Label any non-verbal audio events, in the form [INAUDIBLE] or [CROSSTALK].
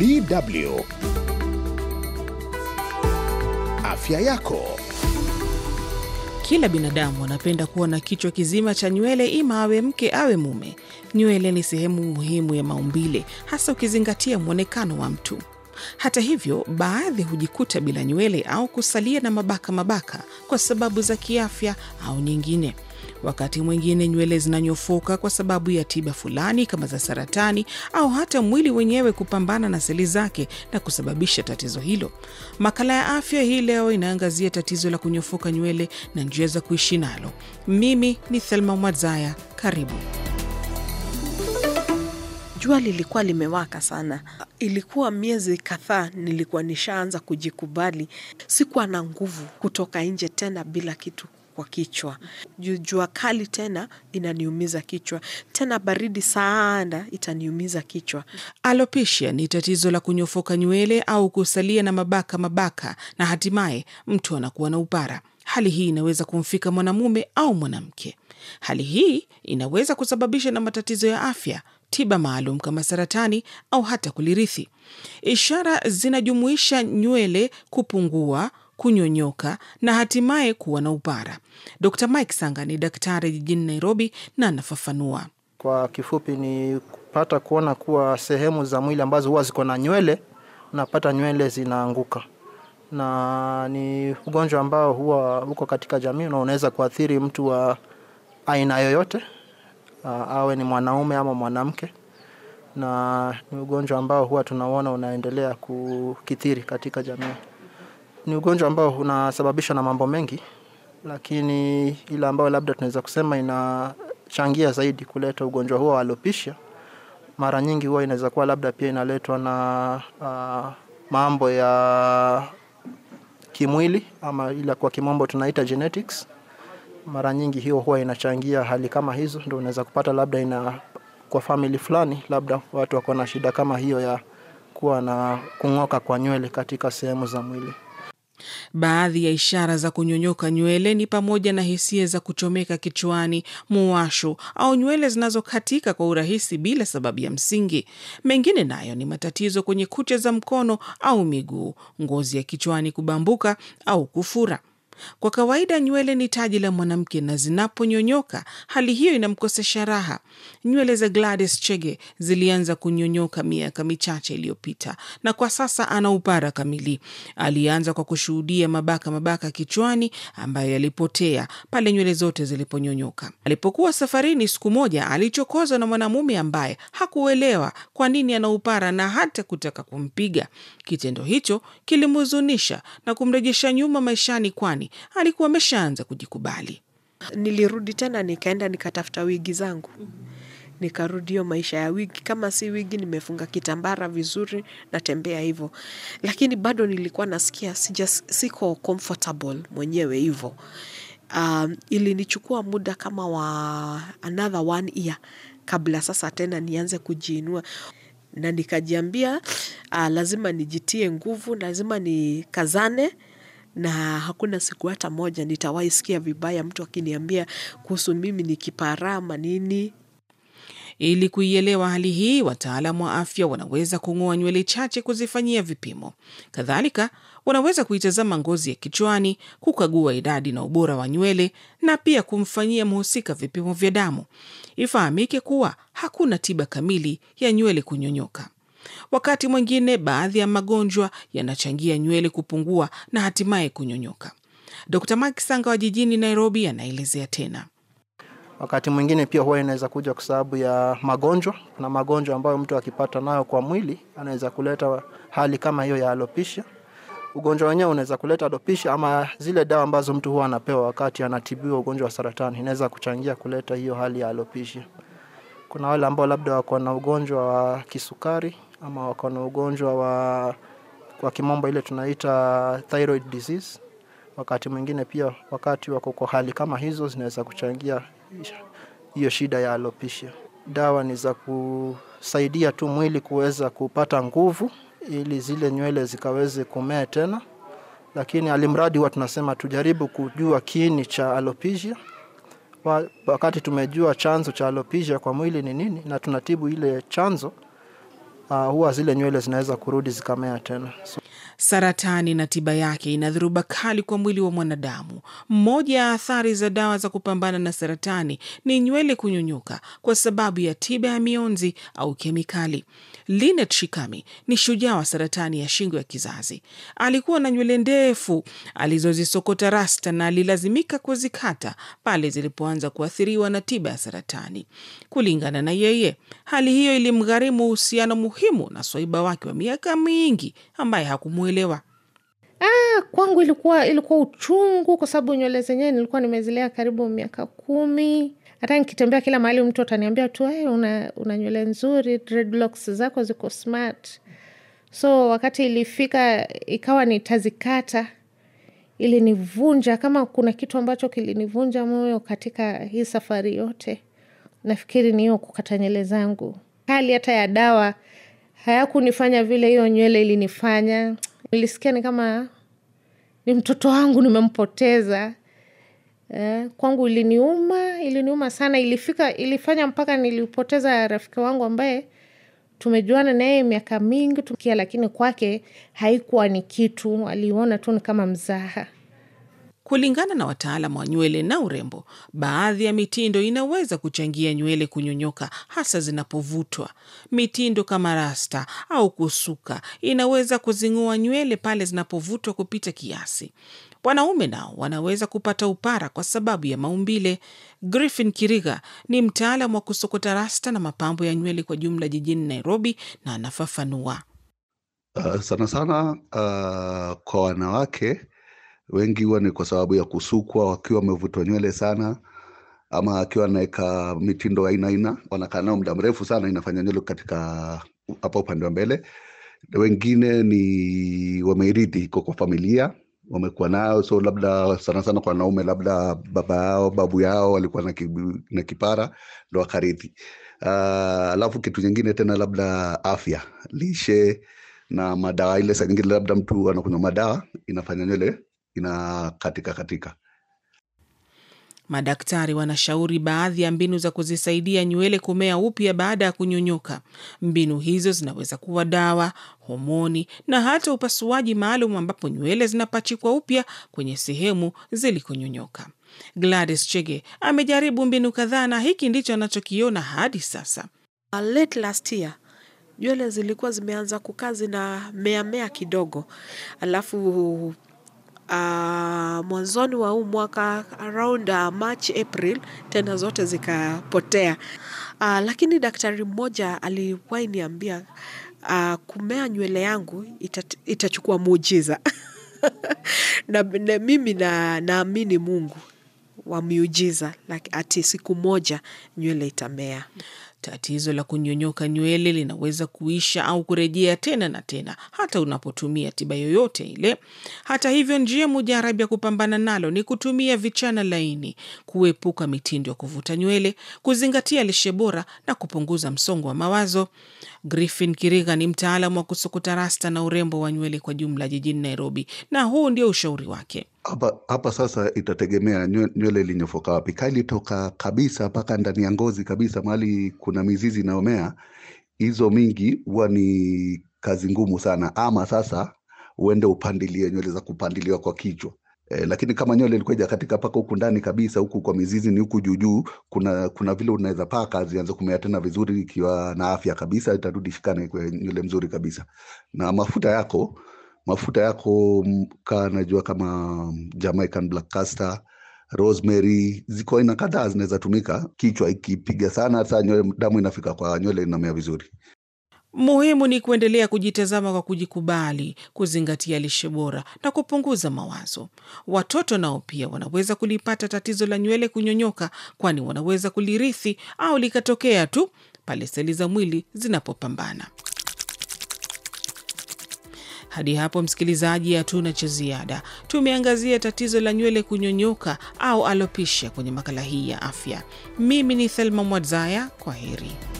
DW Afya Yako. Kila binadamu anapenda kuwa na kichwa kizima cha nywele, ima awe mke awe mume. Nywele ni sehemu muhimu ya maumbile, hasa ukizingatia mwonekano wa mtu. Hata hivyo, baadhi hujikuta bila nywele au kusalia na mabaka mabaka kwa sababu za kiafya au nyingine. Wakati mwingine nywele zinanyofoka kwa sababu ya tiba fulani kama za saratani au hata mwili wenyewe kupambana na seli zake na kusababisha tatizo hilo. Makala ya afya hii leo inaangazia tatizo la kunyofoka nywele na njia za kuishi nalo. Mimi ni Thelma Mwazaya, karibu. Jua lilikuwa limewaka sana. Ilikuwa miezi kadhaa, nilikuwa nishaanza kujikubali, sikuwa na nguvu kutoka nje tena bila kitu kwa kichwa. Jua kali tena inaniumiza kichwa, tena baridi sana itaniumiza kichwa. Alopecia ni tatizo la kunyofoka nywele au kusalia na mabaka mabaka, na hatimaye mtu anakuwa na upara. Hali hii inaweza kumfika mwanamume au mwanamke. Hali hii inaweza kusababisha na matatizo ya afya, tiba maalum kama saratani au hata kulirithi. Ishara zinajumuisha nywele kupungua, kunyonyoka na hatimaye kuwa na upara. Dr Mike Sanga ni daktari jijini Nairobi na anafafanua kwa kifupi. Ni kupata kuona kuwa sehemu za mwili ambazo huwa ziko na nywele, napata nywele zinaanguka, na ni ugonjwa ambao huwa uko katika jamii na unaweza kuathiri mtu wa aina yoyote, awe ni mwanaume ama mwanamke na ni ugonjwa ambao huwa tunauona unaendelea kukithiri katika jamii ni ugonjwa ambao unasababishwa na mambo mengi, lakini ile ambayo labda tunaweza kusema inachangia zaidi kuleta ugonjwa huo wa alopecia, mara nyingi huwa inaweza kuwa labda pia inaletwa na uh, mambo ya kimwili ama ila kwa kimombo tunaita genetics. Mara nyingi hiyo huwa inachangia hali kama hizo, ndio unaweza kupata labda ina kwa family fulani, labda watu wako na shida kama hiyo ya kuwa na kung'oka kwa nywele katika sehemu za mwili. Baadhi ya ishara za kunyonyoka nywele ni pamoja na hisia za kuchomeka kichwani, muwasho au nywele zinazokatika kwa urahisi bila sababu ya msingi. Mengine nayo ni matatizo kwenye kucha za mkono au miguu, ngozi ya kichwani kubambuka au kufura. Kwa kawaida nywele ni taji la mwanamke na zinaponyonyoka, hali hiyo inamkosesha raha. Nywele za Gladys Chege zilianza kunyonyoka miaka michache iliyopita na kwa sasa ana upara kamili. Alianza kwa kushuhudia mabaka mabaka kichwani ambayo yalipotea pale nywele zote ziliponyonyoka. Alipokuwa safarini, siku moja alichokozwa na mwanamume ambaye hakuelewa kwa nini ana upara na hata kutaka kumpiga. Kitendo hicho kilimhuzunisha na kumrejesha nyuma maishani, kwani alikuwa ameshaanza kujikubali. Nilirudi tena nikaenda nikatafuta wigi zangu Nikarudi hiyo maisha ya wigi, kama si wigi nimefunga kitambara vizuri, natembea hivyo, lakini bado nilikuwa nasikia sija, siko comfortable mwenyewe hivyo. Um, ilinichukua muda kama wa another one year kabla sasa tena nianze kujiinua na nikajiambia, uh, lazima nijitie nguvu, lazima nikazane na hakuna siku hata moja nitawahi sikia vibaya mtu akiniambia kuhusu mimi ni kiparama nini. Ili kuielewa hali hii, wataalamu wa afya wanaweza kung'oa nywele chache kuzifanyia vipimo. Kadhalika, wanaweza kuitazama ngozi ya kichwani, kukagua idadi na ubora wa nywele na pia kumfanyia mhusika vipimo vya damu. Ifahamike kuwa hakuna tiba kamili ya nywele kunyonyoka. Wakati mwingine, baadhi ya magonjwa yanachangia nywele kupungua na hatimaye kunyonyoka. d Mike Sanga wa jijini Nairobi anaelezea tena. Wakati mwingine pia huwa inaweza kuja kwa sababu ya magonjwa, na magonjwa ambayo mtu akipata nayo kwa mwili anaweza kuleta hali kama hiyo ya alopisha. Ugonjwa wenyewe unaweza kuleta alopisha, ama zile dawa ambazo mtu huwa anapewa wakati anatibiwa ugonjwa wa saratani inaweza kuchangia kuleta hiyo hali ya alopisha. Kuna wale ambao labda wako na ugonjwa wa kisukari ama wako na ugonjwa wa kwa kimombo ile tunaita thyroid disease. Wakati mwingine pia, wakati wako kwa hali kama hizo, zinaweza kuchangia hiyo shida ya alopecia. Dawa ni za kusaidia tu mwili kuweza kupata nguvu ili zile nywele zikaweze kumea tena, lakini alimradi huwa tunasema tujaribu kujua kiini cha alopecia. Wakati tumejua chanzo cha alopecia kwa mwili ni nini na tunatibu ile chanzo uh, huwa zile nywele zinaweza kurudi zikamea tena so. Saratani na tiba yake ina dhuruba kali kwa mwili wa mwanadamu. Mmoja ya athari za dawa za kupambana na saratani ni nywele kunyunyuka kwa sababu ya tiba ya mionzi au kemikali. Linet Shikami ni shujaa wa saratani ya shingo ya kizazi. Alikuwa na nywele ndefu alizozisokota rasta na alilazimika kuzikata pale zilipoanza kuathiriwa na tiba ya saratani. Kulingana na yeye, hali hiyo ilimgharimu uhusiano muhimu na swaiba wake wa miaka mingi ambaye hakumwe kumwelewa. Ah, kwangu ilikuwa ilikuwa uchungu kwa sababu nywele zenyewe nilikuwa nimezilea karibu miaka kumi. Hata nikitembea kila mahali mtu ataniambia tu hey, eh, una, una nywele nzuri, dreadlocks zako ziko smart. So wakati ilifika ikawa nitazikata, ilinivunja kama kuna kitu ambacho kilinivunja moyo katika hii safari yote, nafikiri ni hiyo kukata nywele zangu. Hali hata ya dawa hayakunifanya vile hiyo nywele ilinifanya nilisikia ni kama ni mtoto wangu nimempoteza eh, kwangu iliniuma iliniuma sana ilifika ilifanya mpaka nilipoteza rafiki wangu ambaye tumejuana naye miaka mingi tukia, lakini kwake haikuwa ni kitu, aliona tu ni kama mzaha. Kulingana na wataalam wa nywele na urembo, baadhi ya mitindo inaweza kuchangia nywele kunyonyoka, hasa zinapovutwa. Mitindo kama rasta au kusuka inaweza kuzing'oa nywele pale zinapovutwa kupita kiasi. Wanaume nao wanaweza kupata upara kwa sababu ya maumbile. Griffin Kiriga ni mtaalamu wa kusokota rasta na mapambo ya nywele kwa jumla jijini Nairobi, na anafafanua. Uh, sana sana uh, kwa wanawake Wengi huwa ni kwa sababu ya kusukwa, wakiwa wamevutwa nywele sana, ama akiwa anaweka mitindo aina aina, wanakaa nao muda mrefu sana, inafanya nywele katika hapa upande wa mbele. Wengine ni wameirithi iko kwa familia wamekuwa nayo, so labda sana sana kwa wanaume, labda baba yao babu yao walikuwa na, ki, na kipara ndo wakarithi. Ah, alafu uh, kitu nyingine tena labda afya, lishe na madawa ile, saa nyingine labda mtu anakunywa madawa inafanya nywele inakatika katika. Madaktari wanashauri baadhi ya mbinu za kuzisaidia nywele kumea upya baada ya kunyonyoka. Mbinu hizo zinaweza kuwa dawa, homoni na hata upasuaji maalum ambapo nywele zinapachikwa upya kwenye sehemu zilikonyonyoka. Gladys Chege amejaribu mbinu kadhaa na hiki ndicho anachokiona hadi sasa. Uh, late last year nywele zilikuwa zimeanza kukaa zina meamea kidogo, alafu Ah, mwanzoni wa huu mwaka around ah, March, April tena zote zikapotea. Ah, lakini daktari mmoja aliwahi niambia kumea nywele yangu itachukua muujiza. [LAUGHS] Na mimi naamini Mungu wa miujiza ati siku moja nywele itamea. Tatizo la kunyonyoka nywele linaweza kuisha au kurejea tena na tena hata unapotumia tiba yoyote ile. Hata hivyo, njia mujarabu ya kupambana nalo ni kutumia vichana laini, kuepuka mitindo ya kuvuta nywele, kuzingatia lishe bora na kupunguza msongo wa mawazo. Griffin Kiriga ni mtaalamu wa kusokota rasta na urembo wa nywele kwa jumla jijini Nairobi, na huu ndio ushauri wake. Hapa, hapa sasa itategemea nywele ilinyofoka wapi. Kaa ilitoka kabisa mpaka ndani ya ngozi kabisa, mahali kuna mizizi inayomea, hizo mingi huwa ni kazi ngumu sana, ama sasa uende upandilie nywele za kupandiliwa kwa kichwa e, lakini kama nywele ilikuja katika paka huku ndani kabisa huku kwa mizizi ni huku juujuu, kuna kuna vile unaweza paka zianze kumea tena vizuri, ikiwa na afya kabisa itarudi shikane kwa nywele mzuri kabisa. Na mafuta yako mafuta yako mm, kaa najua kama mm, Jamaican black castor rosemary ziko aina kadhaa zinaweza tumika. Kichwa ikipiga sana, hata nywele damu inafika kwa nywele inamea vizuri. Muhimu ni kuendelea kujitazama kwa kujikubali, kuzingatia lishe bora na kupunguza mawazo. Watoto nao pia wanaweza kulipata tatizo la nywele kunyonyoka, kwani wanaweza kulirithi au likatokea tu pale seli za mwili zinapopambana. Hadi hapo msikilizaji, hatuna cha ziada. Tumeangazia tatizo la nywele kunyonyoka au alopisha kwenye makala hii ya afya. Mimi ni Thelma Mwadzaya, kwa heri.